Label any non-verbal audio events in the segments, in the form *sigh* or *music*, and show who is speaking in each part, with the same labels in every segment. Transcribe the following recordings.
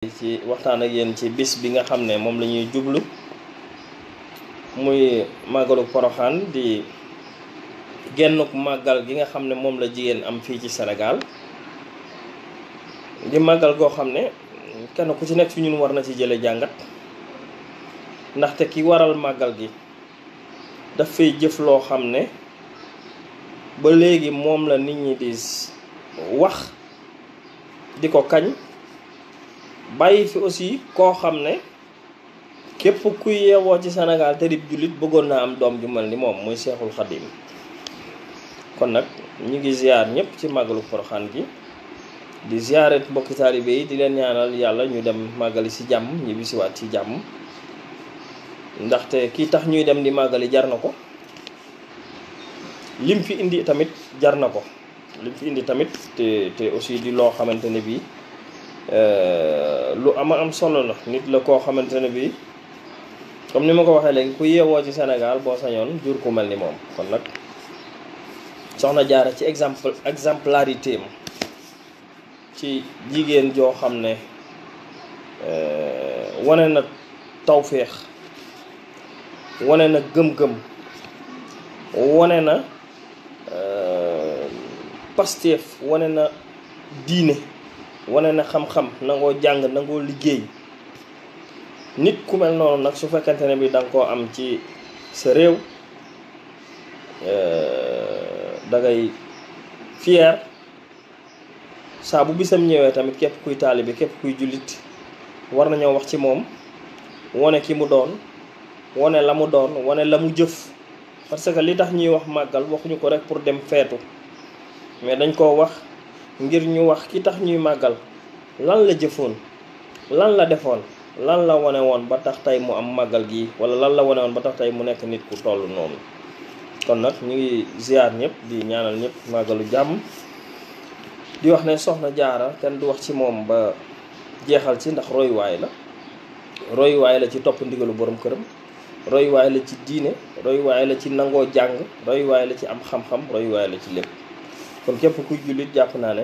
Speaker 1: ci waxtaan a yéen ci bis bi nga xam ne moom lañuy jublu muy màggalu poroxaan di gennuk màggal gi nga xam ne moom la jigéen am fii ci Sénégal di màggal goo xam ne kenn ku ci nekk fi ñun war na ci jële jàngat ndaxte ki waral màggal gi daf fay jëf loo xam ne ba léegi moom la nit ñi di wax di ko kañ bàyyi fi aussi koo xam ne képp kuy yeewoo ci senegal te dib jullit bëggoon naa am doom ju mel ni moom muy Seexul Xadim kon nag ñu ngi ziar ñëpp ci màggalu Poroxaan gi di ziaret mbokki taalibe yi di leen ñaanal yàlla ñu dem màggali si jàmm ñibbisiwaat ci jàmm ndaxte kii tax ñuy dem di màggali jar na ko lim fi indi tamit jar na ko lim fi indi tamit te te aussi di loo xamante ne bii Euh, lu ama am solo la nit la koo xamante ne bii comme ni ma ko waxee léegi ku yeewoo ci Sénégal boo sañoon jur ku mel ni moom kon nag soxna jaara ci exemple exemplarité am ci jigéen joo xam ne euh, wane na tawféex wane na gëm-gëm wane na euh, pasteef wane na diine wane na xam-xam nangoo jàng nangoo liggéey nit ku mel noonu nag su fekkante ne bi da nga koo am ci sa réew euh, da ngay fier saa bu bisam ñëwee tamit képp kuy taalibe képp kuy jullit war nañoo wax ci moom wane ki mu doon wone la mu doon wane la mu jëf parce que li tax ñuy wax màggal waxuñu ko rek pour dem feetu mais dañ koo wax ngir ñu wax ki tax ñuy màggal lan la jëfoon lan la defoon lan la wane woon ba tax tey mu am màggal gi wala lan la wane woon ba tax tey mu nekk nit ku toll noonu kon nag ñu ngi ziar ñëpp di ñaanal ñëpp màggalu jàmm di wax ne soxna jaara kenn du wax ci moom ba jeexal ci ndax royuwaay la royuwaay la ci topp ndigalu borom këram royuwaay la ci diine royuwaay la ci nangoo jàng royuwaay la ci am xam-xam royuwaay la ci lépp kon képp kuy jullit jàpp naa ne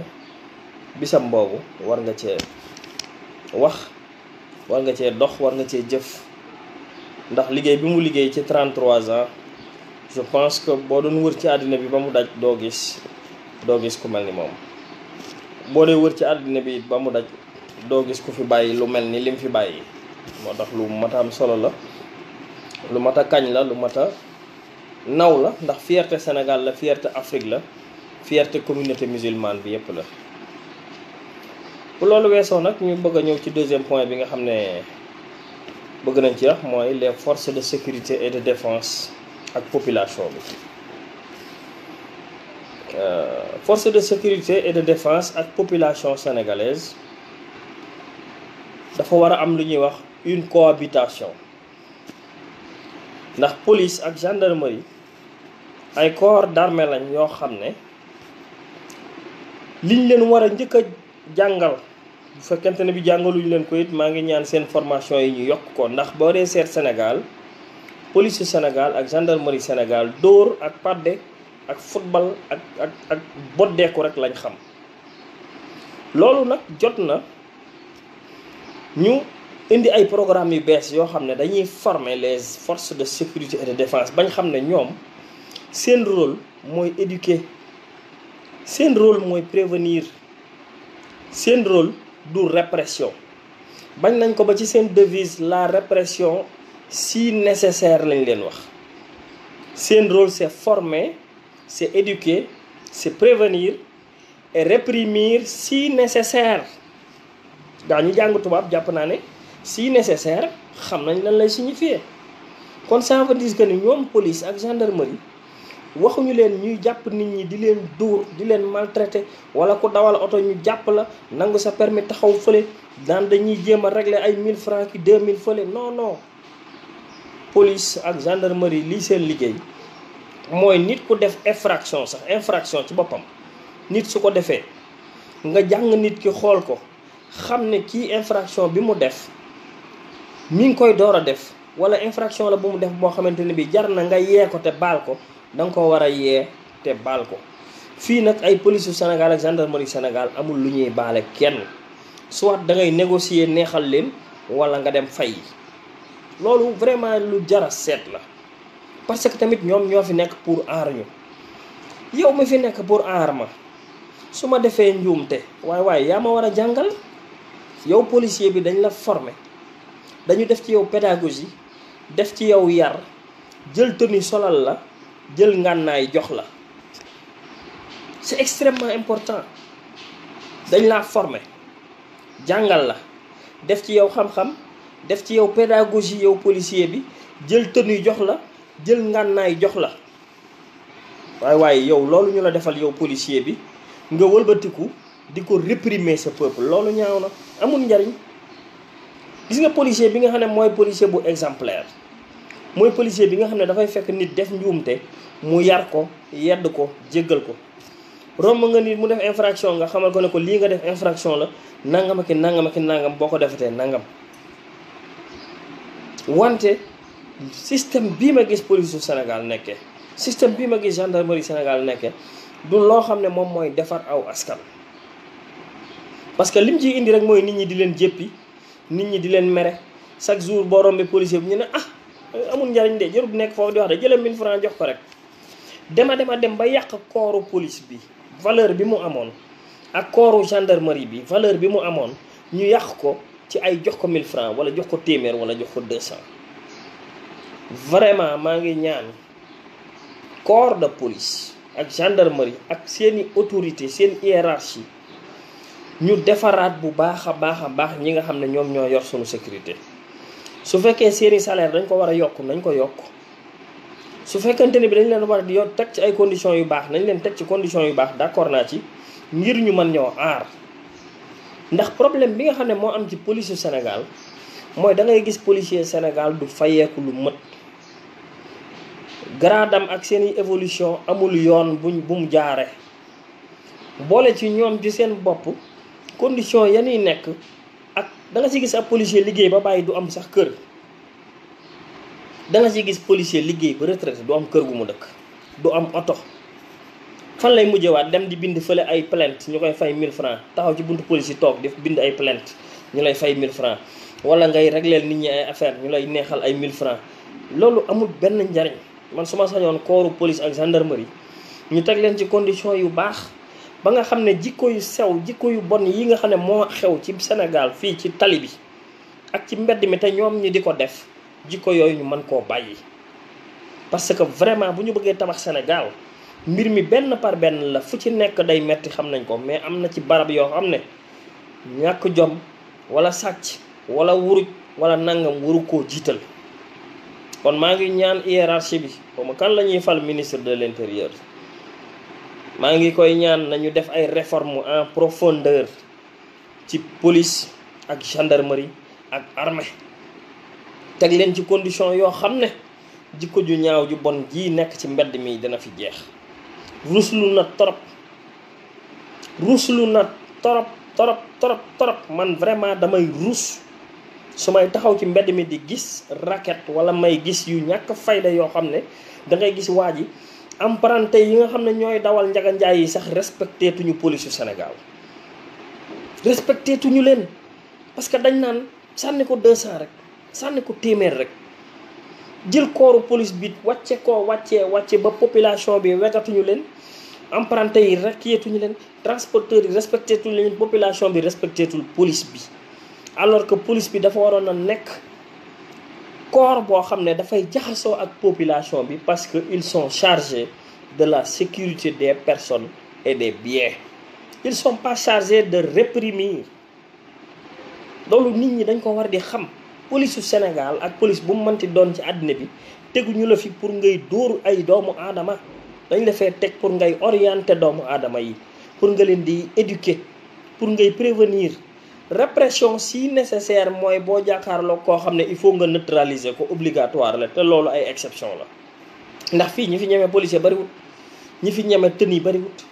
Speaker 1: bisam boobu war nga cee wax war nga cee dox war nga cee jëf ndax liggéey bi mu liggéey ci 33 ans je pense que boo doon wër ci àddina bi ba mu daj doo gis doo gis ku mel ni moom boo dee wër ci àddina bi ba mu daj doo gis ku fi bàyyi lu mel ni lim fi bàyyi moo tax lu mat am solo la lu mat a kañ la lu mata naw la ndax fierté senegal la fierté Afrique la fierté communauté musulmane bi yépp la bu loolu weesoo nag ñu bëgg a ñëw ci deuxième point bi nga xam ne bëgg nañ ci wax mooy les force de sécurité et de défense ak population bi euh, forces de sécurité et de défense ak population sénégalaise dafa war a am lu ñuy wax une cohabitation ndax police ak gendarmerie ay corps d'armée lañ yoo xam ne liñ leen war a njëkk a jàngal bu fekkente ne bi jàngaluñu leen ko maa ngi ñaan seen formation yi ñu yokk ko ndax boo dee seet Sénégal police Sénégal ak gendarmerie Sénégal dóor ak padde ak football ak ak ak boddeeku rek lañ xam loolu nag jot na ñu indi ay programme yu bees yoo xam ne dañuy former les forces de sécurité et de défense bañ xam ne ñoom seen rôle mooy éduquer seen rôle mooy prévenir seen rôle du répression bañ nañ ko ba ci seen devise la répression si nécessaire lañ leen wax seen rôle c'est former c'est éduquer c'est prévenir et réprimer si nécessaire daa ñu jàng tubaab jàpp naa ne si nécessaire xam nañ lañ lay signifier kon ça veut dire que ni ñoom police ak gendarmerie waxuñu leen ñuy jàpp nit ñi di leen dóor di leen maltraité wala ku dawal oto ñu jàpp la nangu sa permis taxaw fële daan dañuy jéem a régler ay mille francs ki 2000 fële non non police ak gendarmerie lii seen liggéey mooy nit ku def infraction sax infraction ci boppam nit su ko defee nga jàng nit ki xool ko xam ne kii infraction bi mu def mi ngi koy door a def wala infraction la bu mu def moo xamante ne bi jar na nga yee ko te baal ko danga ko war a yee te baal ko fii nag ay police yu Sénégal ak gendarmerie Sénégal amul lu ñuy baale kenn soit da ngay négocier neexal leen wala nga dem fay loolu vraiment lu jara seet la parce que tamit ñoom ñoo fi nekk pour aar ñu yow mi fi nekk pour aar ma su ma defee njuumte waay waaye yaa ma war a jàngal yow policier bi dañ la forme dañu def ci yow pédagogie def ci yow yar jël tenue solal la jël ngànnaay jox la c'est extrêmement important dañ laa former jàngal la def ci yow xam-xam def ci yow pédagogie yow policier bi jël tenue jox la jël ngànnaay jox la waaye waaye yow loolu ñu la defal yow policier bi nga walbatiku di ko réprimer sa peuple loolu ñaaw na amul njariñ gis nga policier bi nga xam ne mooy policier bu exemplaire mooy policier bi nga xam ne dafay fekk nit def njuumte mu yar ko yedd ko jéggal ko romb nga nit mu def infraction nga xamal ko ne ko lii nga def infraction la nangam ak nangam nangam boo ko defatee nangam wante système bii ma gis police senegal Sénégal nekkee système bii ma gis gendarmerie Sénégal nekkee du loo xam ne moom mooy defar aw askan parce que lim ciy indi rek mooy nit ñi di leen jéppi nit ñi di leen mere chaque jour boo rombee policier bi ñu ne ah amul njariñ de jërul nekk foofu di wax de jëlal 1000 francs jox ko rek dema dema dem ba yàq kooru police bi valeur bi mu amoon ak kooru gendarmerie bi valeur bi mu amoon ñu yàq ko ci ay jox ko 1000 francs wala jox ko téeméer wala jox ko 200 vraiment maa ngi ñaan corps de police ak gendarmerie ak seeni autorité seen hiérarchie ñu defaraat bu baax a baax a baax ñi nga xam ne ñoom ñoo yor sunu sécurité su fekkee seeni salaire dañ ko war a yokk nañ ko yokk su fekkente ni bi dañu leen war a di yor teg ci ay conditions yu baax nañ leen teg ci conditions yu baax d'accord naa ci ngir ñu mën ñoo aar ndax problème bi nga xam ne moo am ci police yu Sénégal mooy da ngay gis policier Sénégal du fayeeku lu mët gradam ak seeni évolution amul yoon buñ bu mu jaare boole ci ñoom ci seen bopp condition yanuy nekk danga ci gis ab policier liggéey ba bàyyi du am sax kër danga nga gis policier liggéey ba retraité du am kër gu mu dëkk du am oto fan lay mujjewaat dem di bind fële ay plainte ñu koy fay mille francs taxaw ci buntu police yi toog di bind ay plainte ñu lay fay 1000 francs wala ngay régleel nit ñi ay affaire ñu lay neexal ay 1000 francs loolu amul benn njariñ man su ma sañoon kooru police ak gendarmerie ñu teg leen ci condition yu baax ba nga xam ne jikko yu sew jikko yu bon yi nga xam ne moo xew ci Sénégal fii ci tali bi ak ci mbedd mi te ñoom ñi di ko def jikko yooyu ñu mën koo bàyyi. parce que vraiment bu ñu bëggee tabax Sénégal mbir mi benn par benn la fu ci nekk day metti xam nañ ko mais am na ci barab yoo xam ne ñàkk jom wala sàcc wala wuruj wala nangam waru koo jiital. kon maa ngi ñaan hiérarchie bi xaw ma kan la ñuy fal ministre de l'intérieur. maa ngi koy ñaan nañu def ay réformes en profondeur ci police ak gendarmerie ak armée teg leen ci condition yoo xam ne jikko ju ñaaw ju bon jii nekk ci mbedd mi dina fi jeex ruslu na torop ruslu na torop torop torop torop man vraiment damay rus su may taxaw ci mbedd mi di gis raquette wala may gis yu ñàkk fayda yoo xam ne da ngay gis waa ji emprunté yi nga xam ne ñooy dawal njaga njaay yi sax respecté tuñu police yu Sénégal respecté tuñu leen parce que dañ naan sànni ko 200 rek sànni ko téeméer rek jël kooru police bi wàcce koo wàccee wàcce ba population bi wegatuñu leen emprunté yi rakkiyeetuñu leen transporteur yi respecté tuñu leen population bi respecté tul police bi alors que police bi dafa waroon a nekk corps boo xam ne dafay jaxasoo ak population bi parce que ils son chargés de la sécurité de personne et des biens ils sont pas chargés de réprimer loolu nit ñi dañ ko war di xam polisu Sénégal ak police bu mu mënti doon ci àddina bi teguñu la fi pour ngay dóor ay doomu aadama dañ la fee teg pour ngay orienter doomu aadama yi pour nga leen di éduquer pour ngay prévenir répression si nécessaire mooy boo jàkkaarloo koo xam ne il faut nga neutraliser ko obligatoire la te loolu ay exception la ndax fii ñi fi ñemee policier bariwut ñi fi ñeme yi bariwut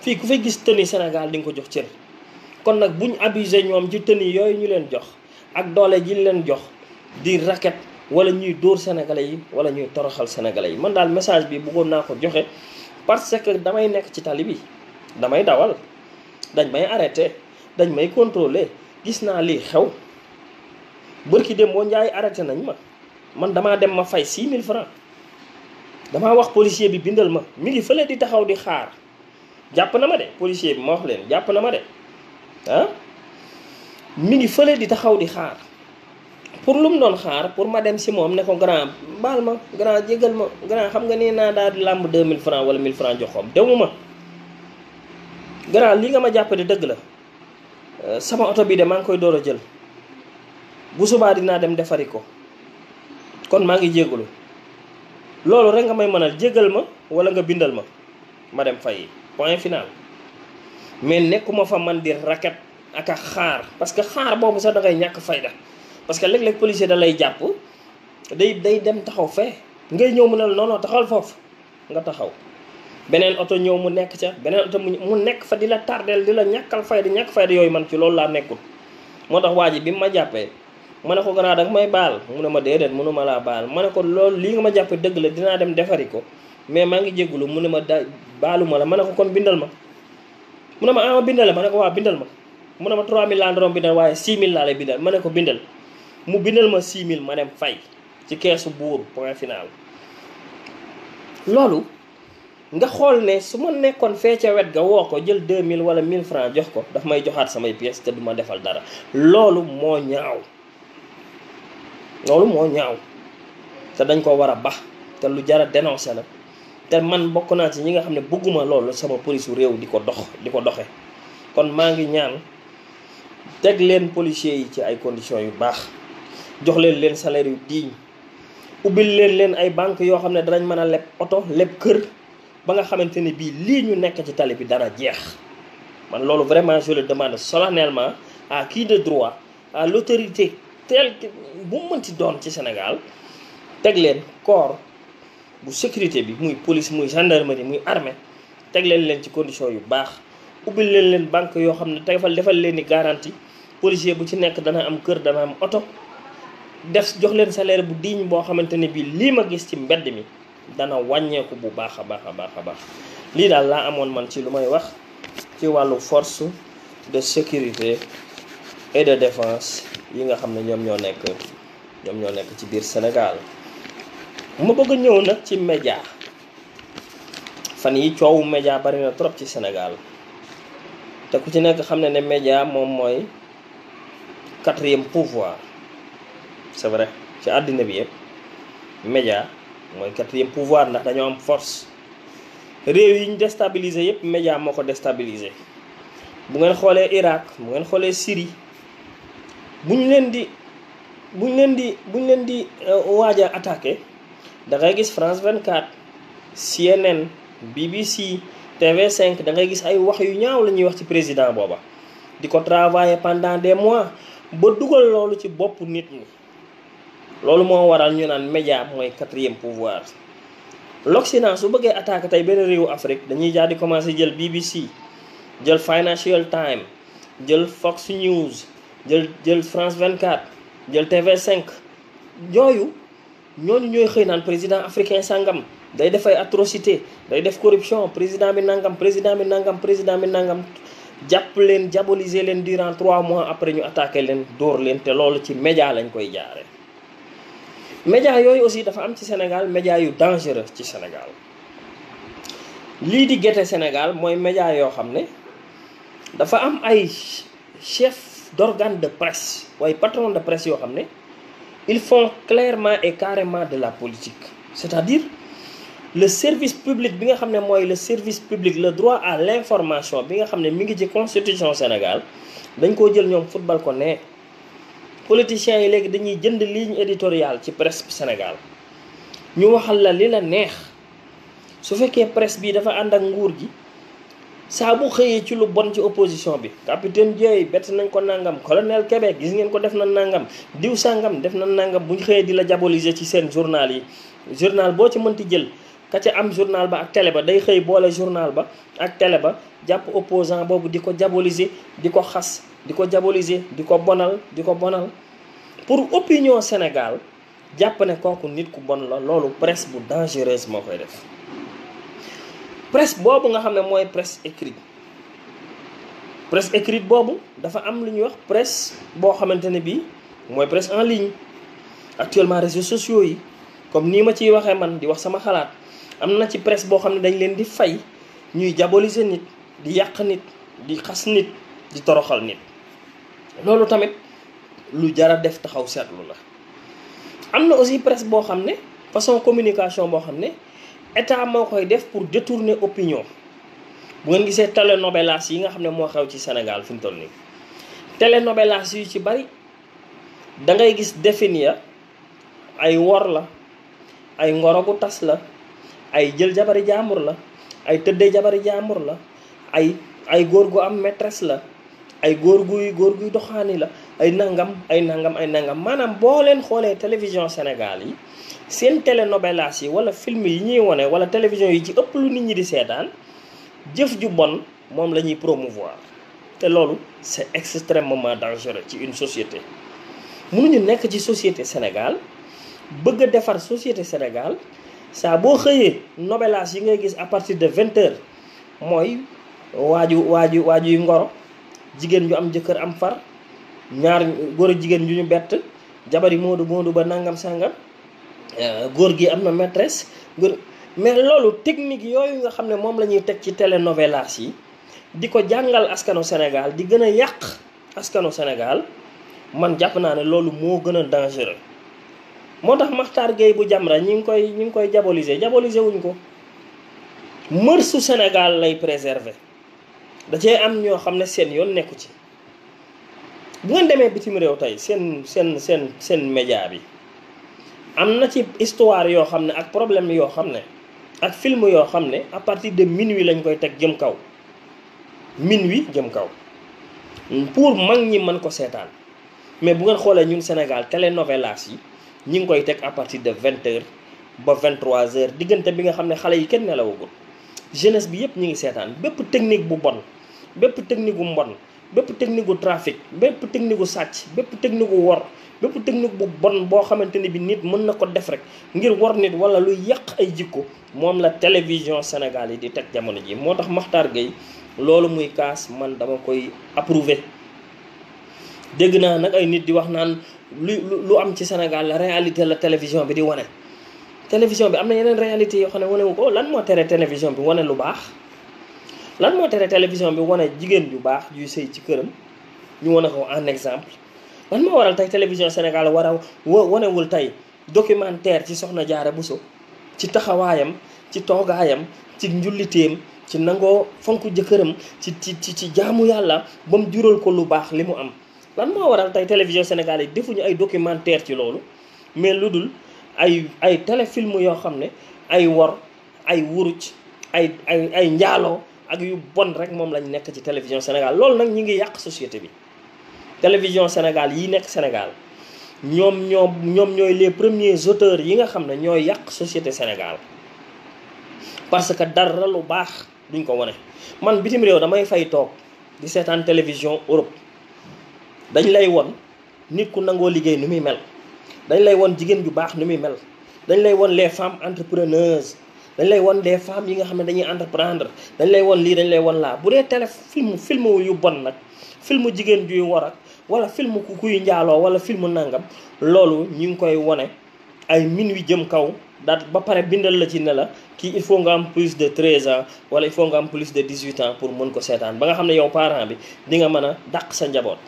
Speaker 1: fii ku fay gis tenue Sénégal di nga ko jox cër kon nag buñ abusé ñoom ci tenue yooyu ñu leen jox ak doole ji leen jox di racket wala ñuy dóor sénégalais yi wala ñuy toroxal sénégalais yi man daal message bi buggoon naa ko joxe parce que damay nekk ci tali bi damay dawal dañ may arrêté dañ may contrôler gis naa lii xew bërki dem boo njaay arrêté nañ ma man damaa dem ma fay 6000 francs damaa wax policier bi bindal ma mi ngi fële di taxaw di xaar jàpp na ma de policier bi ma wax leen jàpp na ma de ah? mi ngi fële di taxaw di xaar pour lu mu doon xaar pour ma dem si moom ne ko grand baal ma grand jégal ma grand xam nga ne naa daal di làmb 2000 francs wala 1000 francs joxoom demu ma grand li nga ma jàppale dëgg la Euh, sama oto bi de maa ngi koy door a jël bu subaa dinaa dem defari ko kon maa ngi jégalu loolu rek nga may mënal jégal ma wala nga bindal ma ma dem fay point final mais nekkuma fa man di raket ak a xaar parce que xaar boobu sax da ñàkk fayda parce que léeg-léeg policier da lay jàpp day day dem taxaw fee ngay ñëw mu ne la non taxawal foofu nga taxaw beneen oto ñëw mu nekk ca beneen oto mu nekk fa di la tardeel di la ñàkkal fayda ñàkk fayda yooyu man ci loolu laa nekkul moo tax waaj bi mu ma jàppee ma ne ko gannaaw danga may baal mu ne ma déedéet mënu laa baal ma ne ko loolu lii ma jàppee dëgg dinaa dem defari ko mais maa ngi jégalu mu ne ma da baalu ma la ma ne ko kon bindal ma mu ne ma ama ah, bindal ma ne ko waa bindal ma mu ne ma 3000 laa doon bindal waaye 6000 laa lay bindal ma ne ko bindal mu bindal ma 6000 ma dem fay ci keesu buur point final loolu nga xool ne su ma nekkoon fee ca wet ga woo ko jël 2000 wala 1000 francs jox ko dafa may joxaat samay pièces te duma defal dara loolu moo ñaaw loolu moo ñaaw te dañ ko war a bax te lu jara dénoncé la te man bokk naa ci ñi nga xam ne bëgguma loolu sama police réew di ko dox di ko doxe kon maa ngi ñaan teg leen policiers yi ci ay conditions yu baax jox leen leen salaire yu digne ubbil leen leen ay banques yoo xam ne danañ mën a leb oto leb kër ba nga xamante ne bii lii ñu nekk ci tali bi dana jeex man loolu vraiment je le demande solennellement à kii de droit à l'autorité telle que bu mu mënti doon ci Sénégal teg leen corps bu sécurité bi muy police muy gendarmerie muy armée teg leen leen ci condition yu baax ubbil leen leen banque yoo xam ne defal defal leen ni garantie policier bu ci nekk dana am kër dana am oto def jox leen salaire bu diiñ boo xamante ne bii lii ma gis ci mbedd mi dana wàññeeku bu baax a baax a baax a baax lii daal laa amoon man ci lu may wax ci wàllu force de sécurité et de défense yi nga xam ne ñoom ñoo nekk ñoom ñoo nekk ci biir Sénégal mu bëgg a ñëw nag ci média fan yi coowu média bari trop ci Sénégal te ku ci nekk xam ne ne média moom mooy quatrième pouvoir c'est vrai ci àddina bi yëpp média mooy quatrième pouvoir ndax dañoo am force réew yi ñu déstabiliser yépp média moo ko déstabiliser bu ngeen xoolee Irak bu ngeen xoolee Syrie bu leen di bu leen di bu leen di euh, waaj a attaqué da ngay gis France 24 CNN BBC TV5 da ngay gis ay wax yu ñaaw la ñuy wax ci président booba di ko travailler pendant des mois ba dugal loolu ci bopp nit ñi. loolu moo waral ñu naan média mooy quatrième pouvoir l'Occident su bëggee attaqué tey benn réewu Afrique dañuy jaar di commencé jël BBC jël Financial Times jël Fox News jël jël France 24 jël TV5 yooyu ñooñu ñooy xëy naan président africain sangam day def ay atrocité day def corruption président bi nangam président bi nangam président bi nangam jàpp leen diaboliser leen durant trois mois après ñu attaqué leen dóor leen te loolu ci média lañ koy jaare média yooyu aussi dafa am ci Sénégal média yu dangereux ci Sénégal lii di Guété Sénégal mooy média yoo xam ne dafa am ay chef d'organe de presse waaye patron de presse yoo xam ne il faut clairement et carrément de la politique c'est-à-dire le service public bi nga xam ne mooy le service public le droit à l'information bi nga xam ne mi ngi ci constitution Sénégal dañ koo jël ñoom football ko ne politiciens yi léegi dañuy jënd ligne éditoriale ci presse bi Sénégal ñu waxal la li la neex su fekkee presse bi dafa ànd ak nguur gi saa xëyee ci lu bon ci opposition bi capitaine Dieye bett nañ ko nangam colonel Kébé gis ngeen ko def na nangam diw sangam def na nangam bu xëyee di la diaboliser ci seen journal yi journal boo ci mënti jël ka ca am journal ba ak télé ba day xëy boole journal ba ak télé ba jàpp opposant boobu di ko diaboliser di ko xas di ko diaboliser di ko bonal di ko bonal pour opinion Sénégal jàpp ne kooku nit ku bon la loolu presse bu dangereuse moo koy def presse boobu nga xam ne mooy presse écrite presse écrite boobu dafa am lu ñuy wax presse boo xamante ne bii mooy presse en ligne actuellement réseaux sociaux yi comme nii ma ciy waxee man di wax sama xalaat am na ci presse boo xam ne dañ leen di fay ñuy diaboliser nit di yàq nit di xas nit di toroxal nit loolu tamit lu jara def taxaw seetlu la am na aussi presse boo xam ne façon communication boo xam ne état moo koy def pour détourner opinion bu ngeen gisee telenovelas yi nga xam ne moo xew ci Sénégal fi mu toll nii telenovelas yu ci bari da ngay gis définir ay wor la ay ngorogu tas la ay jël jabari jaambur la ay tëddee jabari jaambur la ay ay góor gu am maîtresse la ay góor guy góor guy doxaani la ay nangam ay nangam ay nangam maanaam boo leen xoolee télévision Sénégal yi seen telenovelas yi wala film yi ñuy wone wala télévision yi ci ëpp lu nit ñi di seetaan jëf ju bon moom la ñuy promouvoir te loolu c'est extrêmement dangereux ci une société ñu nekk ci société Sénégal bëgg a defar société Sénégal saa boo xëyee novelas yi ngay gis à partir de vingt heures mooy waaju waaju waaju yu ngoro jigéen ñu am jëkkër am far ñaar góor a jigéen ñu ñu bett jabari moodu moodu ba nangam sàngam euh, góor gi am na maîtresse mais loolu technique yooyu nga xam ne moom la ñuy teg ci télénovelas yi di ko jàngal askanu Sénégal di gën a yàq askanu Sénégal man jàpp naa ne loolu moo gën a dangereux moo tax maxtar Gueye bu Jamra ñi ngi koy ñi ngi koy diaboliser diaboliser wuñ ko mër su Sénégal lay préserver da cee am ñoo xam ne seen yoon nekku ci bu ngeen demee bitim réew tey seen seen seen seen média bi am na ci histoire yoo xam ne ak problème yoo xam ne ak film yoo xam ne à partir de minuit lañ koy teg jëm kaw minuit jëm kaw pour mag ñi mën ko seetaan mais bu ngeen xoolee ñun Sénégal télénovelas yi ñi ngi koy teg à partir de vingt heures ba vingt trois heures diggante bi nga xam ne xale yi kenn nelawagul jeunesse bi yëpp ñu ngi seetaan bépp technique bu bon bépp technique bu mbon bépp technique gu trafic bépp technique gu sàcc bépp technique gu wor bépp technique bu bon boo xamante ne bi nit mën na ko def rek ngir wor nit wala lu yàq ay jikko moom la télévision Sénégal yi di teg jamono ji moo tax Makhtar Gueye loolu muy kaas man dama koy approuver dégg naa nag ay nit di wax naan lu lu am ci Sénégal la réalité la télévision bi di wane télévision bi am na yeneen réalité yoo xam ne wane ko lan moo tere télévision bi wane lu baax lan moo tere télévision bi wane jigéen ju baax juy sëy ci këram ñu wane ko en exemple lan moo waral tey télévision Sénégal war a wanewul tey documentaire ci Soxna Jaara Buso ci taxawaayam ci toogaayam ci njulliteem ci nangoo fonk jëkkëram ci ci ci ci jaamu yàlla ba mu jural ko lu li mu am lan moo waral tey télévision Sénégal yi defuñu ay documentaire ci loolu mais lu dul ay ay téléfilm yoo xam ne ay wor ay wuruc ay ay ay njaaloo ak yu bon rek moom lañ nekk ci télévision Sénégal loolu nag ñi ngi yàq société bi télévision Sénégal yi nekk Sénégal ñoom ñoom ñoom ñooy les premier auteurs yi nga xam ne ñooy yàq société Sénégal parce que dara lu baax duñ ko wane man bitim réew damay fay toog di seetaan télévision Europe dañ lay won nit ku nangoo liggéey nu muy mel dañ lay won jigéen ju baax ni muy mel dañ lay won les femmes entrepreneurs dañ lay won les femmes yi nga xam ne dañuy entreprendre dañ lay won lii dañ lay won laa bu dee télé film film yu bon nag film jigéen juy war ak wala film ku kuy njaaloo wala film nangam loolu ñu ngi koy wone ay minuit jëm kaw dat ba pare bindal la ci ne la kii il faut nga am plus de 13 ans wala il faut nga am plus de 18 ans pour mën ko seetaan ba nga xam ne yow parent bi di nga mën a dàq sa njaboot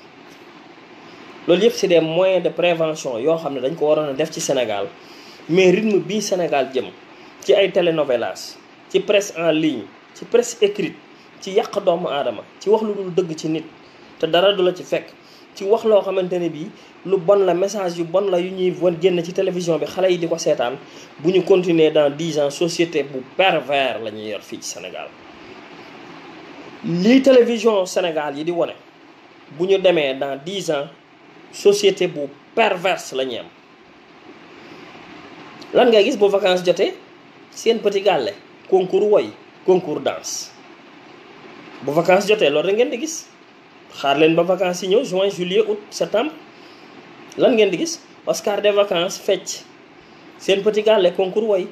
Speaker 1: loolu yëpp c'est des moyens de prévention yoo xam ne dañ ko waroon a def ci Sénégal mais rythme bii Sénégal jëm ci ay télénovelas ci presse en ligne ci presse écrite ci yàq doomu aadama ci wax lu dul dëgg ci nit te dara du la ci fekk ci wax loo xamante ne bii lu bon la message yu bon la yu ñuy wan génn ci télévision bi xale yi di ko seetaan bu ñu continuer dans dix ans société bu pervers la ñuy yor fii ci Sénégal lii télévision Sénégal yi di wane bu ñu demee dans dix ans société bu perverse la ñuy am lan ngay gis bu vacances jotee seen petit gàlle concours woy concours danse bu vacances jotee loolu da ngeen di gis xaar leen ba vacances yi ñëw juin juillet août septembre lan ngeen di gis Oscar des vacance fecc seen petit gàlle concours woy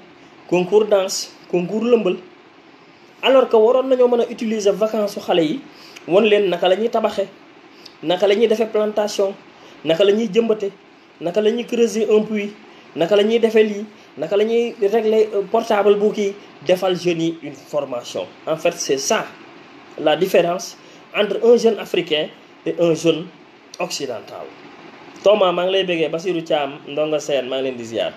Speaker 1: concours danse concours lëmbal alors que waroon nañoo mën a utiliser vacance su xale yi won leen naka la ñuy tabaxe naka la ñuy defee plantation naka la ñuy jëmbate naka la ñuy creuser un puits naka la ñuy defee lii naka la ñuy régler euh, portable bu ki defal jeunes yi une formation en fait c'est ça la différence entre un jeune africain et un jeune occidental Thomas maa ngi lay bëggee Basirou Thiam ndongo Seen maa ngi leen di ziar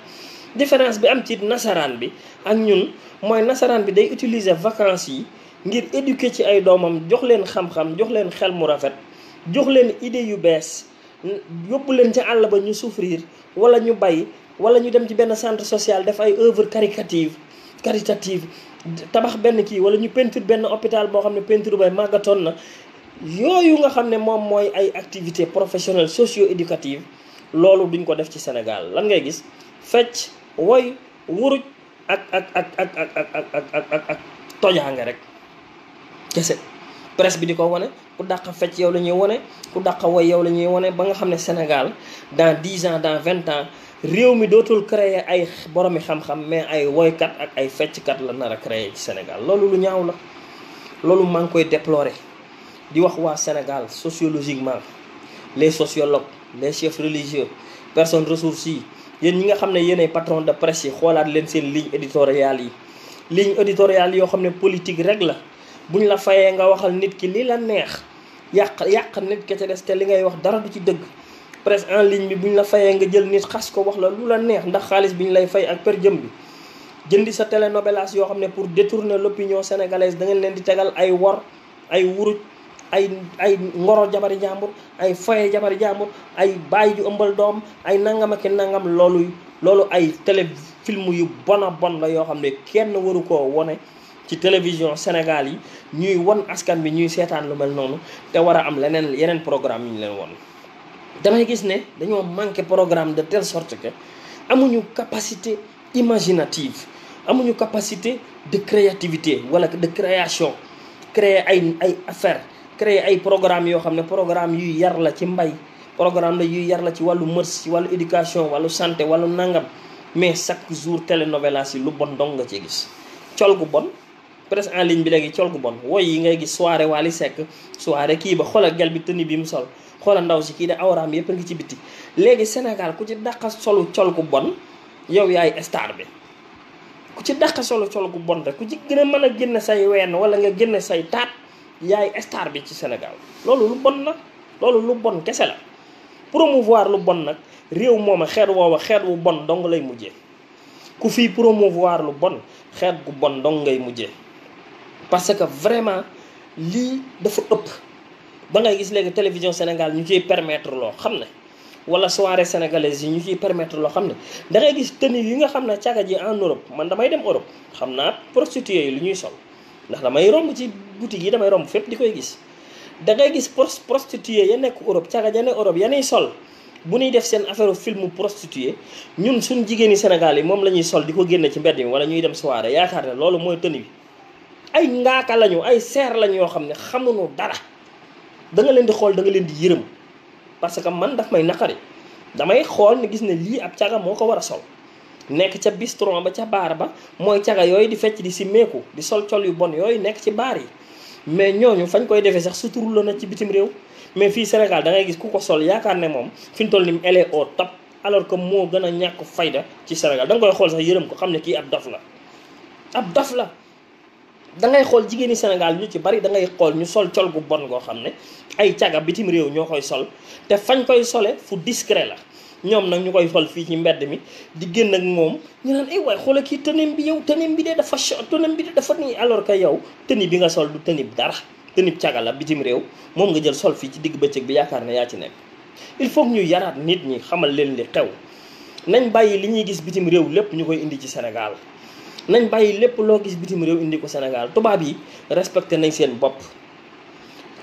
Speaker 1: différence bi am ci nasaraan bi ak ñun mooy nasaraan bi day utiliser vacances yi ngir éduquer ci ay doomam jox leen xam-xam jox leen xel mu rafet jox leen idée yu bees yóbbu leen ci àll ba ñu souffrir wala ñu bay wala ñu dem ci benn centre sociale def ay œuvre caritative caritative tabax benn kii wala ñu peinture benn hôpital boo xam ne peinture bay màggatoon na yooyu nga xam ne moom mooy ay activité professionnelle socio-éducative loolu duñ ko def ci Sénégal lan ngay gis fecc woy wuruj ak ak ak ak ak ak rek presse bi di ko wane ku dàq fecc yow la ñuy wane ku dàq woy yow la ñuy wane ba nga xam ne Sénégal dans 10 ans dans 20 ans réew mi dootul créer ay boromi xam-xam mais ay woykat ak ay fecckat la nar a créer ci Sénégal loolu lu ñaaw la loolu maa ngi koy déplorer di wax waa Sénégal sociologiquement les sociologues les chefs religieux personnes ressources yi yéen ñi nga xam ne yéenay patron de presse yi xoolaat leen seen ligne éditoriale yi ligne éditoriale yoo xam ne politique rek la bu ñu la fayee nga waxal nit ki li la neex yàq yàq nit ki ca des te li ngay wax dara du ci dëgg presse en ligne bi buñ la fayee nga jël nit xas ko wax la lu la neex ndax xaalis biñ lay fay ak për jëm bi jëndi sa télénovelas yoo xam ne pour détourner l'opinion sénégalaise da ngeen leen di tegal ay wor ay wuruj ay ay ngoro jabari jàmbur ay foye jabari jàmbur ay bàyyi ju ëmbal doom ay nangam ak nangam loolu loolu ay téléfilm yu bon a bon la yoo xam ne kenn waru koo wone ci télévision Sénégal yi ñuy won askan bi ñuy seetaan lu mel noonu te war a am leneen yeneen programme yu ñu leen won damay gis ne dañoo manqué programme de telle sorte que amuñu capacité imaginative amuñu capacité de créativité wala de création créer ay ay affaire créer ay programme yoo xam ne programme yuy yar la ci mbay programme la yuy yar la ci wàllu mërs ci wàllu éducation wàllu santé wàllu nangam mais chaque jour télénovelas yi lu bon dong nga ci gis col bon presse en ligne bi léegi col gu bon woy yi ngay gis soirée Wally Seck soirée kii ba xoolal gel bi tenue bi mu sol xoolal ndaw si kii de awraam yëpp a ngi ci biti léegi Sénégal ku ci dàqa solu col gu bon yow yaay star bi ku ci dàqa solu col gu bon rek ku ci gën a mën a génne say ween wala nga génne say taat yaay star bi ci Sénégal loolu lu bon la loolu lu bon kese la promouvoir lu bon nag réew mooma xeet woowa xeet wu bon dong lay mujjee ku fi promouvoir lu bon xeet gu bon dong ngay mujjee parce que vraiment lii dafa ëpp ba ngay gis léegi télévision Sénégal ñu ciy permettre loo xam ne wala soirée sénégalaise yi ñu ciy permettre loo xam ne da gis tenue yi nga xam ne caga ji en Europe man damay dem Europe xam naa prostituées yi lu ñuy sol ndax damay romb ci boutique yi damay romb fépp di koy gis da ngay gis prostituées ya nekk Europe caga ja ne Europe yanay sol bu ñuy def seen affaire film prostituée ñun suñ jigéeni Sénégal yi moom la ñuy sol di ko génne ci mbedd mi wala ñuy dem soirée yaakaar ne loolu mooy bi ay ngaaka lañu ay seer lañ yoo xam ne xamuñu dara da nga leen di xool danga leen di yërëm parce que man daf may naqari damay xool ne gis ne lii ab caga moo ko war a sol nekk ca bistron ba ca baar ba mooy caga yooyu di fecc di si meeku di sol col yu bon yooyu nekk ci baar yi mais ñooñu fañ koy defee sax suturu la na ci bitim réew mais fii Sénégal dangay gis ku ko sol yaakaar ne moom fi mu toll ni elle est au top alors que moo gën a ñàkk fayda ci Sénégal da koy xool yërëm ko xam ne kii ab dof la ab dof la dangay xool jigéeni Sénégal ñu ci bari da ngay xool ñu sol col gu bon goo xam ne ay caga bitim réew ñoo koy sol te fañ koy sole fu discret la ñoom nag ñu koy sol fii ci mbedd mi di génn ak moom ñu naan ay eh waay xoola kii tënim bi yow tënim bi de dafa tënim bi de dafa nii que yow tëni bi nga sol du tënib dara tënib caga la bitim réew moom nga jël sol fii ci digg bëccëg bi yaakaar na yaa ci nekk il faut ñu yaraat nit ñi xamal leen li xew nañ bàyyi li ñuy gis bitim réew lépp ñu koy indi ci Sénégal nañ bàyyi lépp loo gis bitim réew indi ko Sénégal tubaab yi respecté nañ seen bopp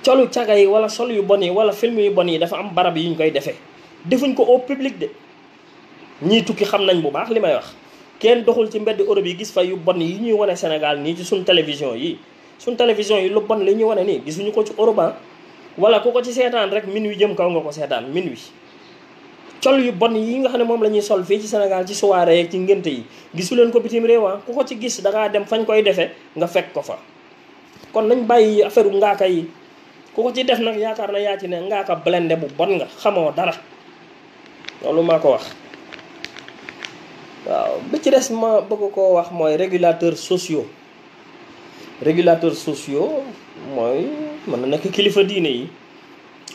Speaker 1: colu caga yi wala sol yu bon yi wala film yu bon yi dafa am barab yi ñu koy defee defuñ ko au public de ñii tukki xam nañ bu baax li may wax kenn doxul ci mbedd Europe yi gis fa yu bon yi ñuy wane Sénégal nii ci suñ télévision yi suñ télévision yi lu bon li ñuy wane nii gisuñu ko ci Europe ah. wala ku ko ci seetaan rek min wi jëm kaw nga ko seetaan min wi col yu bon yi nga xam ne moom la ñuy sol fii ci Sénégal ci soirée yeeg ci ngénte yi gisuleen leen ko bitim réew ah, ku ko ci gis dangaa dem fañ koy defee nga fekk ko fa kon nañ bàyyi affaire u ngaaka yi ku ko ci def nag yaakaar na yaa ci ne ngaaka blende bu bon nga xamoo dara loolu maa ko wax waaw bi ci des ma bëgg koo wax mooy régulateur sociaux régulateur sociaux mooy mën na nekk kilifa diine yi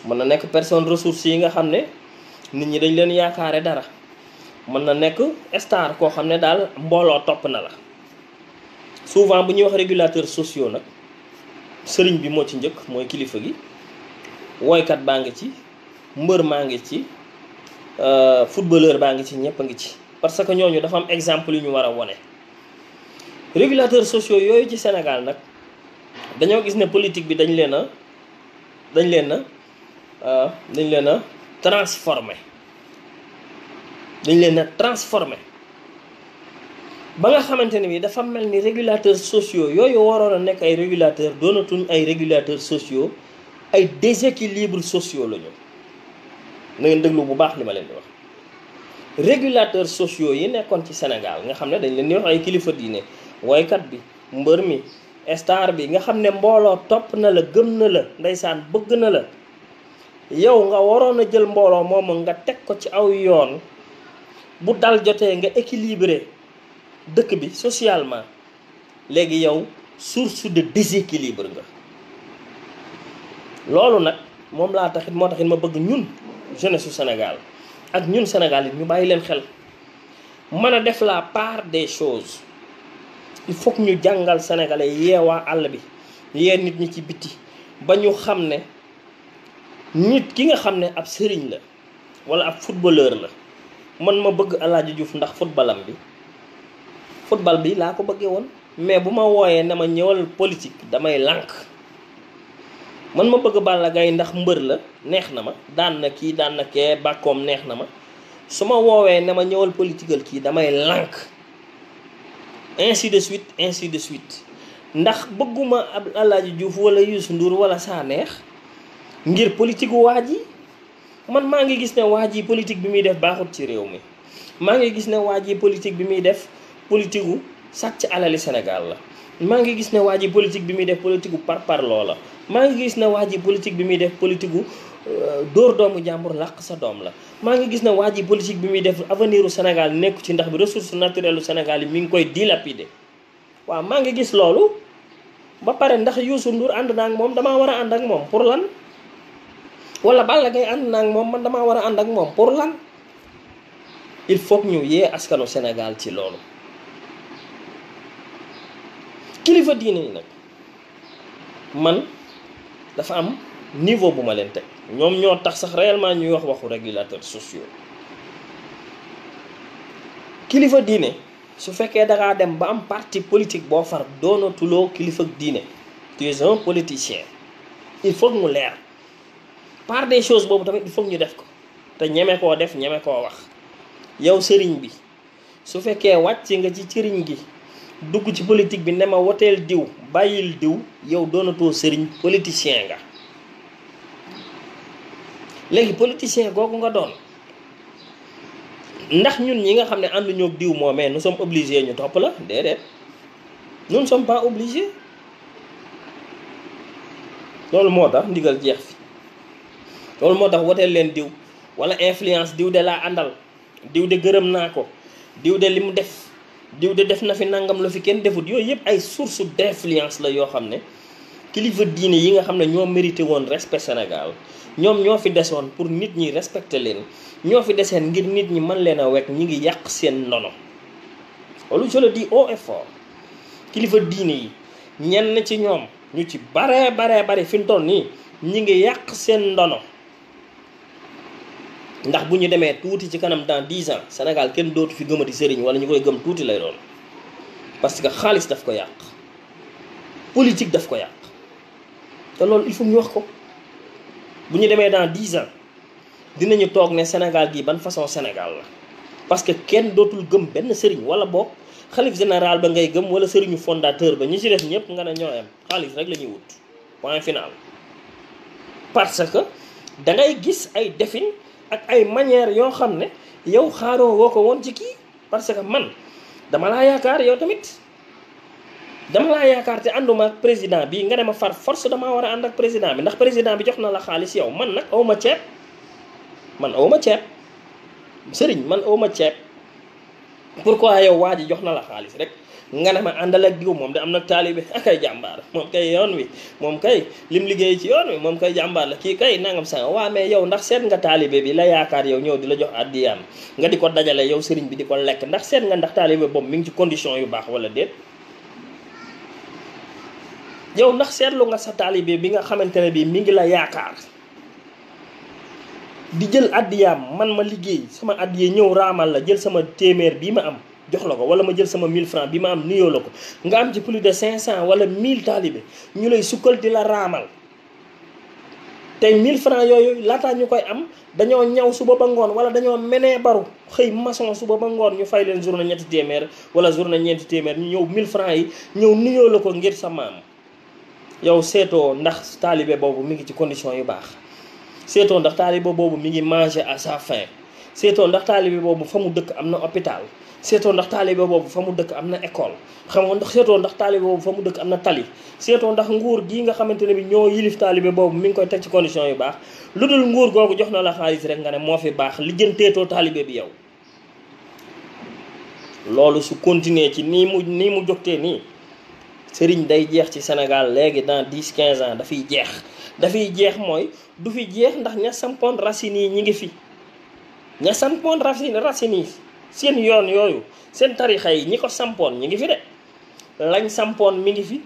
Speaker 1: mën na nekk personne ressource yi nga xam ne nit ñi dañ leen yaakaare dara mën na nekk star koo xam ne daal mbooloo topp na la souvent bu ñuy wax régulateur sociaux nag sëriñ bi moo ci njëkk mooy kilifa gi woykat baa ngi ci mbër maa ngi ci euh, footballeur baa ngi ci ñëpp a ngi ci parce que ñooñu dafa am exemple yu ñu war a wone régulateurs sociaux yooyu ci Sénégal nag dañoo gis ne politique bi dañ leen a dañ leen a euh, dañ leen a transformé dañ leen a transformé ba nga xamante ne bi dafa mel ni régulateur sociaux yooyu waroon a nekk ay régulateur doonatuñ ay régulateurs sociaux ay déséquilibres sociaux la ñu na ngeen déglu bu baax li ma leen di wax régulateurs sociaux yi nekkoon ci Sénégal nga xam ne dañ leen di wax ay kilifa diine woykat bi mbër mi star bi nga xam ne mbooloo topp na la gëm na la ndeysaan bëgg na la yow nga waroon a jël mbooloo moomu nga teg ko ci aw yoon bu dal jotee nga équilibré dëkk bi socialement léegi yow source de déséquilibre nga loolu nag moom laa taxit moo taxit ma bëgg ñun jeunesse su ak ñun Sénégal yi ñu bàyyi leen xel mën a def la part des choses il faut ñu jàngal sénégalais yeewaa àll bi yee nit ñi ci biti ba ñu xam ne nit ki nga xam ne ab sëriñ la wala ab footballeur la man ma bëgg Alaaji juuf ndax footballam bi football bi laa ko bëggee woon mais bu ma wooyee ne ma ñëwal politique damay lànk man ma bëgg Balla Gaye ndax mbër la neex na ma daan kii daan na kee bàkkoom neex na ma su ma woowee ne ma ñëwal politikal kii damay lànk ainsi de suite ainsi de suite ndax bëgguma ab Alaaji Diouf wala Youssou Ndour wala saa neex ngir politiku waa ji man maa ngi gis ne waa ji politique bi muy def baaxut ci réew mi maa ngi gis ne waa ji politique bi muy def politique gu sàcc alali Sénégal la maa ngi gis ne waa ji politique bi muy def politique par parparloo la maa ngi gis ne waa ji politique bi muy def politique gu euh, dóor doomu jàmbur làq sa doom la maa ngi gis ne waa ji politique bi muy def avenir u Sénégal nekku ci ndax bi ressource naturelle u Sénégal yi mi ngi koy dilapider waaw maa ngi gis loolu ba pare ndax Youssou Ndour ànd naa ak moom damaa war a ànd ak pour lan wala Balla Gaye ànd naa ak moom man damaa war a ànd ak moom pour lan il faut ñu yee askanu Sénégal ci loolu kilifa diine yi nag man dafa am niveau bu ma leen teg ñoom ñoo tax sax réellement ñuy wax waxu régulateurs sociaux kilifa diine su fekkee dangaa dem ba am parti politique boo far doonatuloo kilifa diine tu es un politicien il faut mu leer part des choses boobu tamit il ñu def ko te ñeme koo def ñeme koo wax yow sëriñ bi su fekkee wàcc nga ci sëriñ gi dugg ci politique bi ne ma woteel diw bàyyil diw yow doonatoo sëriñ politicien nga léegi politicien googu nga doon ndax ñun ñi nga xam ne ànd ñoo diw moomee nu sommes obligés ñu topp la déedéet nous ne sommes pas obligés loolu moo tax ndigal jeex fi loolu moo tax woteel leen diw wala influence diw de laa àndal diw de gërëm naa ko diw de li mu def diw de def na fi nangam la fi kenn defut yooyu yëpp ay source d'influence la yoo xam ne kilifa diine yi nga xam ne ñoo mérité woon respect Sénégal ñoom ñoo fi desoon pour nit ñi respecter leen ñoo fi deseen ngir nit ñi mën leen a wekk ñi ngi yàq seen ndono loolu je le dis haut kilifa diini yi ñenn ci ñoom ñu ci bare baree bari fi mu toll nii ñi ngi yàq seen ndono ndax bu ñu demee tuuti ci kanam dans 10 ans Sénégal kenn dootu fi gëmati sëriñ wala ñu koy gëm tuuti lay doon parce que xaalis daf ko yàq politique daf ko yàq te loolu il faut ñu wax ko bu ñu demee dans 10 ans dinañu toog ne Sénégal gi ban façon Sénégal la parce que kenn dootul gëm benn sëriñ wala boog xalif général ba ngay gëm wala sëriñu fondateur ba ñu si def ñëpp nga ne ñoo am xaalis rek la ñuy wut point final parce que da ngay gis ay defin ak ay manière yoo xam ne yow xaaroo woo ko woon ci kii parce que man dama laa yaakaar yow tamit dama laa yaakaar te ànduma ak président bi nga ne ma far force damaa war a ànd ak président bi ndax président bi jox na la xaalis yow man nag awma ceeb man awma ceeb sëriñ man awma ceeb pour quoi yow waa ji jox na la xaalis rek nga ne ma àndal ak diw moom de am na taalibe akay *laughs* jàmbaar moom kay yoon wi moom kay lim liggéey ci yoon wi moom kay jàmbaar la kii kay nangam sanga waa mais yow ndax seet nga taalibe bi la yaakaar yow ñëw di la jox at di addiyaam nga di ko dajale yow sëriñ bi di ko lekk ndax seet nga ndax taalibe boobu mi ngi ci condition yu baax wala déet yow ndax seetlu nga sa taalibe bi nga xamante ne bii mi ngi la yaakaar di jël addiyaam man ma liggéey sama addiyee ñëw raamal la jël sama téeméer bii ma am jox la ko wala ma jël sama mille francs bi ma am nuyoo la ko nga am ci plus de 500 wala 1000 taalibe ñu lay sukkal di la raamal tey 1000 francs yooyu laataa ñu koy am dañoo ñaw suba ba ngoon wala dañoo menee baru xëy maçon suba ba ngoon ñu fay leen journée ñetti téeméer wala journée ñeenti téeméer ñëw 1000 francs yi ñëw nuyoo la ko ngir sa maam yow seetoo ndax taalibe boobu mu ngi ci condition yu baax seetoon ndax taalibe boobu mi ngi manger à sa faim seetoon ndax taalibe boobu fa mu dëkk am na hôpital seetoon ndax taalibe boobu fa mu dëkk am na école xamoo ndax seetoo ndax taalibe boobu fa mu dëkk am na tali seetoo ndax nguur gii nga xamante ne bi ñoo yilif taalibe boobu mi ngi koy teg ci condition yu baax lu dul nguur googu jox na la xaalis rek nga ne moo fi baax li jënteetoo taalibe bi yow loolu su continuer ci nii mu nii mu jógtee nii sëriñ day jeex ci Sénégal léegi dans dix quinze ans dafiy jeex dafiy jeex mooy du fi jeex ndax ña sampoon racines yi ñi ngi fi ña sampoon racine racines yi seen yoon yooyu seen tarixa yi ñi ko sampoon ñi ngi fi de lañ sampoon mi ngi fi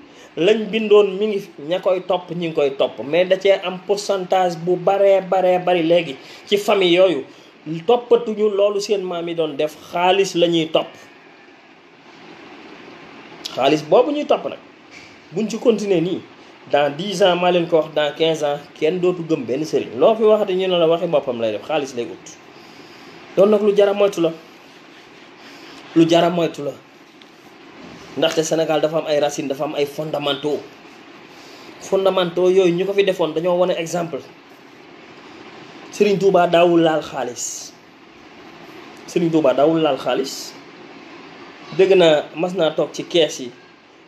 Speaker 1: lañ bindoon mi ngi fi ña koy topp ñi ngi koy topp mais da cee am pourcentage bu baree baree bari léegi ci famille yooyu toppatuñu loolu seen maam yi doon def xaalis la ñuy topp xaalis boobu ñuy topp nag buñ ci continuer nii dans 10 ans maa leen ko wax dans 15 ans kenn dootu gëm benn sëriñ loo fi waxati ñu ne la waxi boppam lay def xaalis lay ut loolu nag lu jara moytu la lu jara moytu la ndaxte Sénégal dafa am ay racines dafa am ay fondamentaux fondamentaux yooyu ñu ko fi defoon dañoo wane exemple Serigne Touba daawul laal xaalis Serigne Touba daawul laal xaalis dégg naa mas naa toog ci kees yi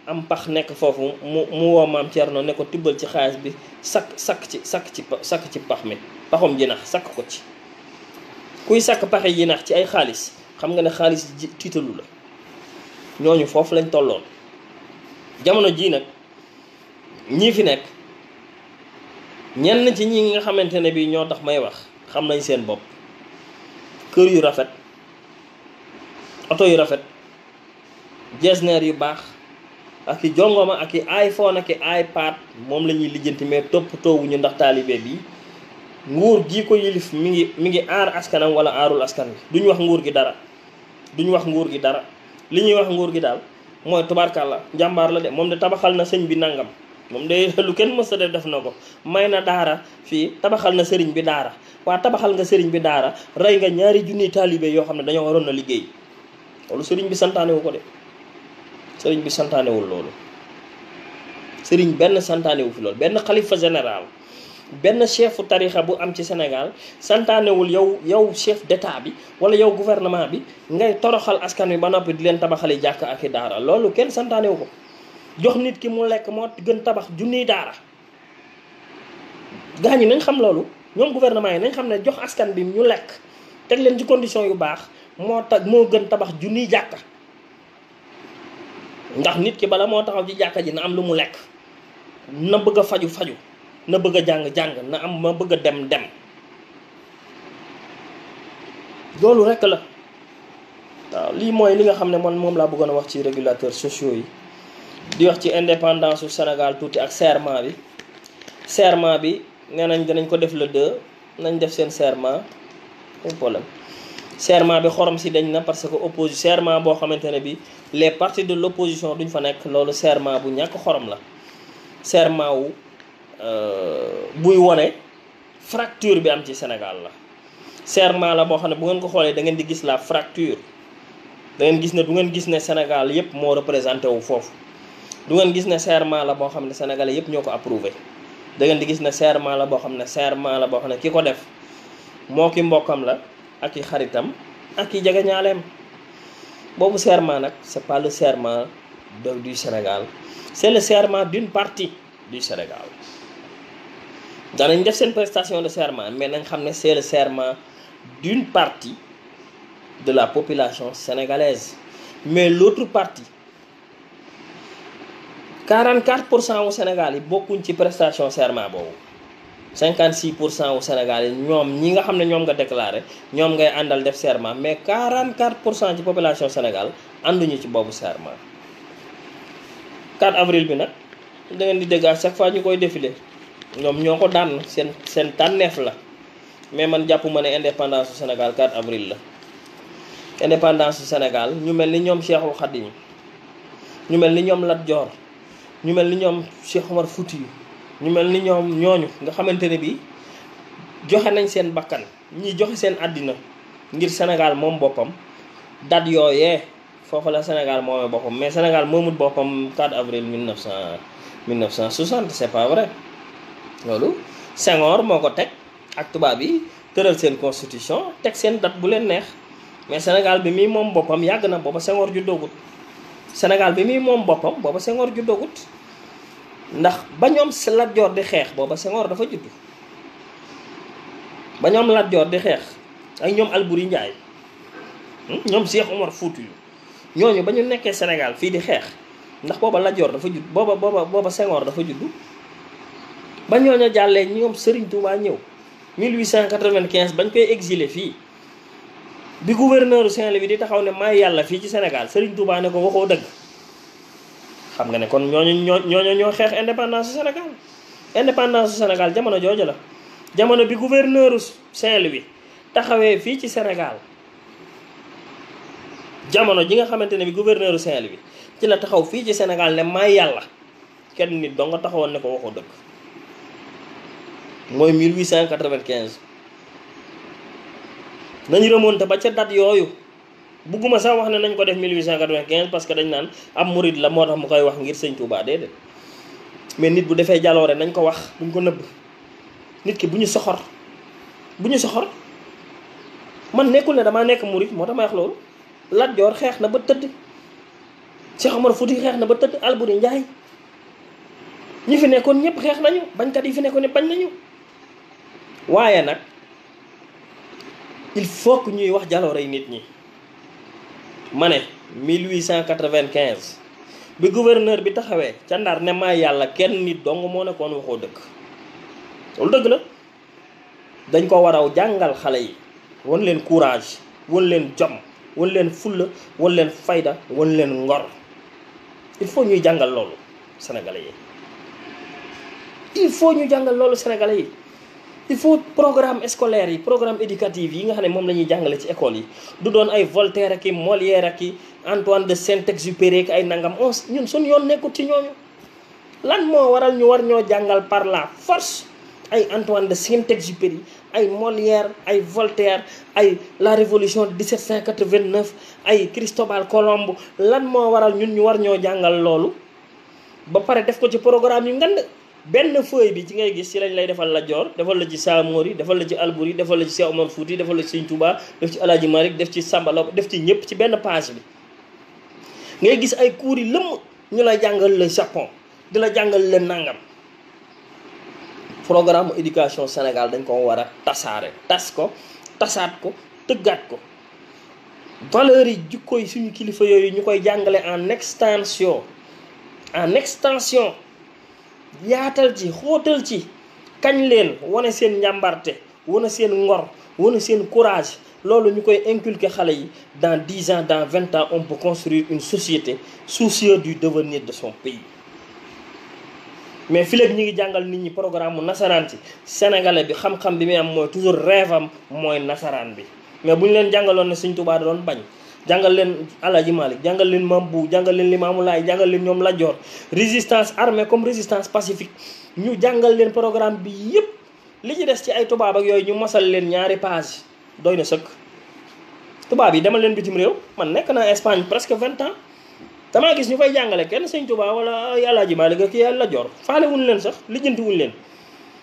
Speaker 1: am pax nekk foofu mu mu woo maam Thierno ne ko tibbal ci xaalis bi sakk sakk ci sakk ci sakk ci pax mi paxum jinax sakk ko ci kuy sakk paxe nax ci ay xaalis xam nga ne xaalis ji tiitalu la ñooñu foofu lañ tolloon jamono jii nag ñii fi nekk ñenn ci ñi nga xamante ne bii ñoo tax may wax xam nañ seen bopp kër yu rafet oto yu rafet jees neer yu baax ak i jongoma ak i iphone ak i ipad moom la ñuy lijjanti mais toppatoo wuñu ndax taalibe bi nguur gi ko yilif mi ngi mi ngi aar askanam wala aarul askan wi duñu wax nguur gi dara duñu wax nguur gi dara li ñuy wax nguur gi daal mooy tubaarkàlla njàmbaar la de moom de tabaxal na sëñ bi nangam moom de *laughs* lu kenn mës a def def na ko may na daara fii tabaxal na sëriñ bi daara waa tabaxal nga sëriñ bi daara rey nga ñaari junniy taalibe yoo xam ne dañoo waroon na liggéey loolu sëriñ bi santaane wu ko de sëriñ bi santaanewul loolu sëriñ benn santaanewu fi loolu benn xalifa général benn chefu tarixa bu am ci Sénégal santaanewul yow yow chef d'état bi wala yow gouvernement bi ngay toroxal askan wi ba noppi di leen tabaxali jàkk ak i daara loolu kenn santaanewu ko jox nit ki mu lekk moo gën tabax junni daara gaa ñi nañ xam loolu ñoom gouvernement yi nañ xam ne jox askan bi ñu lekk teg leen ci condition yu baax moo tax moo gën tabax junniy jàkka ndax nit ki bala moo taxaw ci jàkka ji na am lu mu lekk na bëgg a faju faju na bëgg a jàng jàng na am ma bëgg a dem dem loolu rekk la waaw lii mooy li nga xam ne man moom laa bëggoon a wax ci régulateurs sociaux yi di wax ci indépendance su Sénégal tuuti ak serment bi serment bi nee nañ dinañ ko def le deux nañ def seen serment un problème serment bi xorom si dañ na parce que opposition serment boo xamante ne bi les parti de l' opposition duñ fa nekk loolu serment bu ñàkk xorom la serment wu euh, buy wone fracture bi am ci Sénégal la serment la boo xam ne bu ngeen ko xoolee da ngeen di gis la fracture da ngeen gis ne du ngeen gis ne Sénégal yépp moo représenté wu foofu du ngeen gis ne serment la boo xam ne sénégalais yépp ñoo ko approuvé da ngeen di gis ne serment la boo xam ne serment la boo xam ne ki ko def moo ki mbokkam la ak i xaritam ak jege jegeñaaleem boobu serment nag c' est pas le serment de Sénégal c' est le serment d' partie du Sénégal danañ def seen prestation de serment mais nañ xam ne c' est le serment d'une partie de la population sénégalaise mais l' parti partie 44 pour cent wu Sénégal yi bokkuñ ci prestation serment boobu cinquante 56 pour cent wu Sénégal yi ñoom ñi nga xam ne ñoom nga déclaré ñoom ngay àndal def serment mais 44 pour cent ci population Sénégal ànduñu ci boobu serment 4 avril bi nag da ngeen di dégg à chaque fois ñu koy défilé ñoom ñoo ko daan seen seen tànneef la mais man jàppuma ne indépendance Sénégal 4 avril la indépendance su Sénégal ñu mel ni ñoom Cheikhul Khadim ñu mel ni ñoom Lat Dior ñu mel ni ñoom Cheikh Omar Fouti ñu mel ni ñoom ñooñu nga xamante ne bi joxe nañ seen bakkan ñi joxe seen àddina ngir Sénégal moom boppam date yooyee foofu la Sénégal moomee boppam mais Sénégal moomut boppam 4 avril 1900 1960 c'est pas vrai loolu Senghor moo ko teg ak tubaab yi tëral seen constitution teg seen date bu leen neex mais Sénégal bi muy moom boppam yàgg na booba Senghor ju doogut Sénégal bi muy moom boppam booba Senghor ju doogut ndax ba ñoom si Joor di xeex booba Senghor dafa judd ba ñoom Lat Joor di xeex ak ñoom Alburi Njaay hmm, ñoom Cheikh Omar Foutiyou ñooñu ba ñu nekkee Sénégal fii di xeex ndax booba lajoor dafa judd booba booba booba Senghor dafa judd ba ñoo ñooñu jàllee ñoom sëriñ Touba ñëw 1895 bañ koy exilé fii bi gouverneur saint bi di taxaw ne may yàlla fii ci Sénégal Serigne Touba ne ko waxoo dëgg xam nga ne kon ñooñu ñoo ñoo xeex indépendance su Sénégal indépendance su Sénégal jamono jooju la jamono bi gouverneur Saint-Louis taxawee fii ci Sénégal jamono ji nga xamante ne bi gouverneur Saint-Louis ci la taxaw fii ci Sénégal ne may yàlla kenn nit doo nga taxawoon ne ko waxoo dëgg mooy 1895 nañu remonté ba ca date yooyu. bugguma sax wax ne nañ ko def 1895 parce que dañ naan am murid la moo tax mu koy wax ngir sëñ Touba déedéet mais nit bu defee jaloore nañ ko wax buñ ko nëbb nit ki bu ñu soxor bu ñu soxor man nekkul ne damaa nekk murid moo tax may wax loolu Lat Joor xeex na ba tëdd Cheikh Omar Fouti xeex na ba tëdd Alburi Njaay ñi fi nekkoon ñëpp xeex nañu bañkat yi fi nekkoon ne bañ nañu waaye nag il faut que ñuy wax jaloore yi nit ñi ma ne 1895 bi gouverneur bi taxawee ca Ndar ne maa yàlla kenn nit dong moo nekkoon waxoo dëkk loolu dëgg la dañ ko war a jàngal xale yi wan leen courage wan leen jom wan leen fulla wan leen fayda wan leen ngor il faut ñuy jàngal loolu sénégalais yi il faut ñu jàngal loolu senegal yi il faut programme scolaire yi programme éducatif yi nga xam ne moom la ñuy jàngale ci école yi du doon ay Voltaire ak i Molière ak i de Saint-Exupéry ak ay nangam ñun suñu yoon nekkut ci ñooñu lan moo waral ñu war ñoo jàngal par la force ay Antoine de Saint-Exupéry ay Molière ay Voltaire ay la révolution de 1789 ay Cristobal Colombo lan moo waral ñun ñu war ñoo jàngal loolu ba pare def ko ci programme yu ngand benn feuille bi ci ngay gis ci lañ lay defal la joor defal la ci Samori defal la ci Alburi defal la ci Cheikh Omar Fouti defal la ci Sëñ Touba def ci Alaaji Malik def ci Samba def ci ñëpp ci benn page bi ngay gis ay cours yi lëmm ñu la jàngal le Japon di la jàngal le nàngam programme éducation Sénégal dañ koo war a tasaare tas ko tasaat ko tëggaat ko valeurs yi jikko yi suñu kilifa yooyu ñu koy jàngale en extension en extension yaatal ci xóotal ci kañ leen wane seen njàmbarte wane seen ngor wane seen courage loolu ñu koy inculquer xale yi dans dix ans dans vingt ans on peut construire une société soucieuse du devenir de son pays mais fileeg ñi ngi jàngal nit ñi programme mu nasaraan ci sénégalais bi xam-xam bi muy am mooy toujours rêve am mooy nasaraan bi mais bu ñu leen jàngaloon ne Sëñ Tuubaa doon bañ jàngal leen Alaaji Malick jàngal leen Maam Bu jàngal leen Limaamu Laay jàngal leen ñoom Lat Joor résistance armée comme résistance pacifique ñu jàngal leen programme bi yépp li ci des ci ay tubaab ak yooyu ñu mosal leen ñaari page doy na sëkk tubaab yi demal leen bitim réew man nekk naa Espagne presque vingt ans damaa gis ñu fay jàngale kenn sëñ tubaab wala Alaaji Malick ak yàlla Lat Joor faale wuñ leen sax lijjanti wuñ leen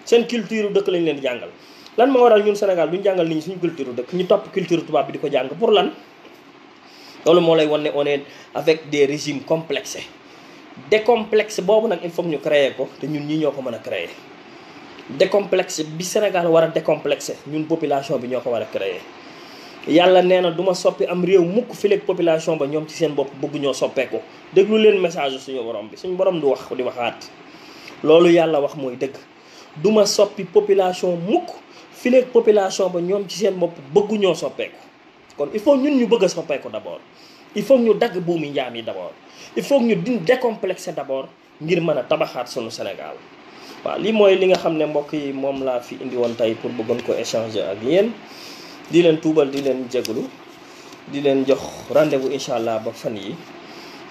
Speaker 1: seen culture dëkk lañ leen di jàngal lan moo waral ñun Sénégal duñ jàngal nit ñi suñu culture ñu topp culture tubaab bi di ko pour lan loolu moo lay wan ne on est avec des régimes complexés décomplexe boobu nag il faut ñu créer ko te ñun ñi ñoo ko mën a créer décomplexe bi Sénégal war a décomplexé ñun population bi ñoo ko war a créer yàlla nee na du ma soppi am réew mukk fileeg population ba ñoom ci seen bopp bëgg ñoo soppeeku déglu leen message suñu borom bi suñu borom du wax di waxaat loolu yàlla wax mooy dëgg duma soppi population mukk fileeg population ba ñoom ci seen bopp bëgguñoo soppeeku kon il faut ñun ñu bëgg soppeeku soppee d' abord il faut ñu dagg buumi njaam yi d' abord il faut ñu din décomplexé d' abord ngir mën a tabaxaat suñu Sénégal waaw lii mooy li nga xam ne mbokk yi moom laa fi indi woon tey pour bëggoon ko échanger ak yéen di leen tuubal di leen jégalu di leen jox rendez bu incha allah ba fan yi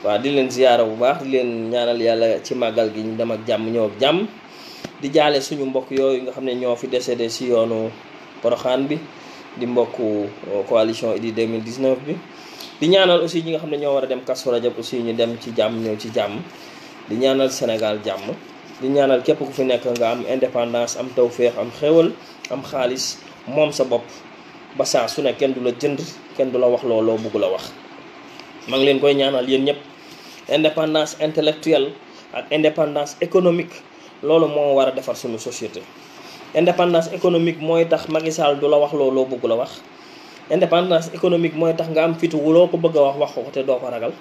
Speaker 1: waaw di leen ziyaara bu baax di leen ñaanal yàlla ci màggal gi ñu dem ak jàmm ñëw ak jàmm di jaale suñu mbokk yooyu nga xam ne ñoo fi décédé si yoonu poroxaan bi di mbokku euh, coalition Idy 2019 bi di ñaanal aussi ñi nga xam ne ñoo war a dem Kazu Rajab aussi ñu dem ci jàmm ñëw ci jàmm di ñaanal Sénégal jàmm di ñaanal képp ku fi nekk nga am indépendance am tawféex am xéwal am xaalis moom sa bopp ba saa su ne kenn du la jënd kenn du la wax looloo bëgg la wax maa ngi leen koy ñaanal yéen ñëpp indépendance intellectuelle ak indépendance économique loolu moo war a defar suñu société indépendance économique mooy tax Macky Sall du la wax looloo bëgg la wax indépendance économique mooy tax nga am fitu loo ko bëgg a wax wax ko te doo ko ragal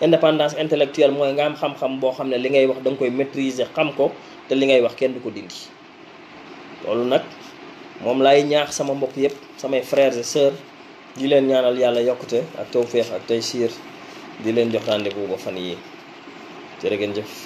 Speaker 1: indépendance intellectuelle mooy nga am xam-xam boo xam ne li ngay wax da koy maîtriser xam ko te li ngay wax kenn du ko dindi loolu nag moom laay ñaax sama mbokk yépp samay frères et sœurs di leen ñaanal yàlla yokkute ak tawféex ak tey siir di leen jox rendez-vous fan yi jërëgeen jëf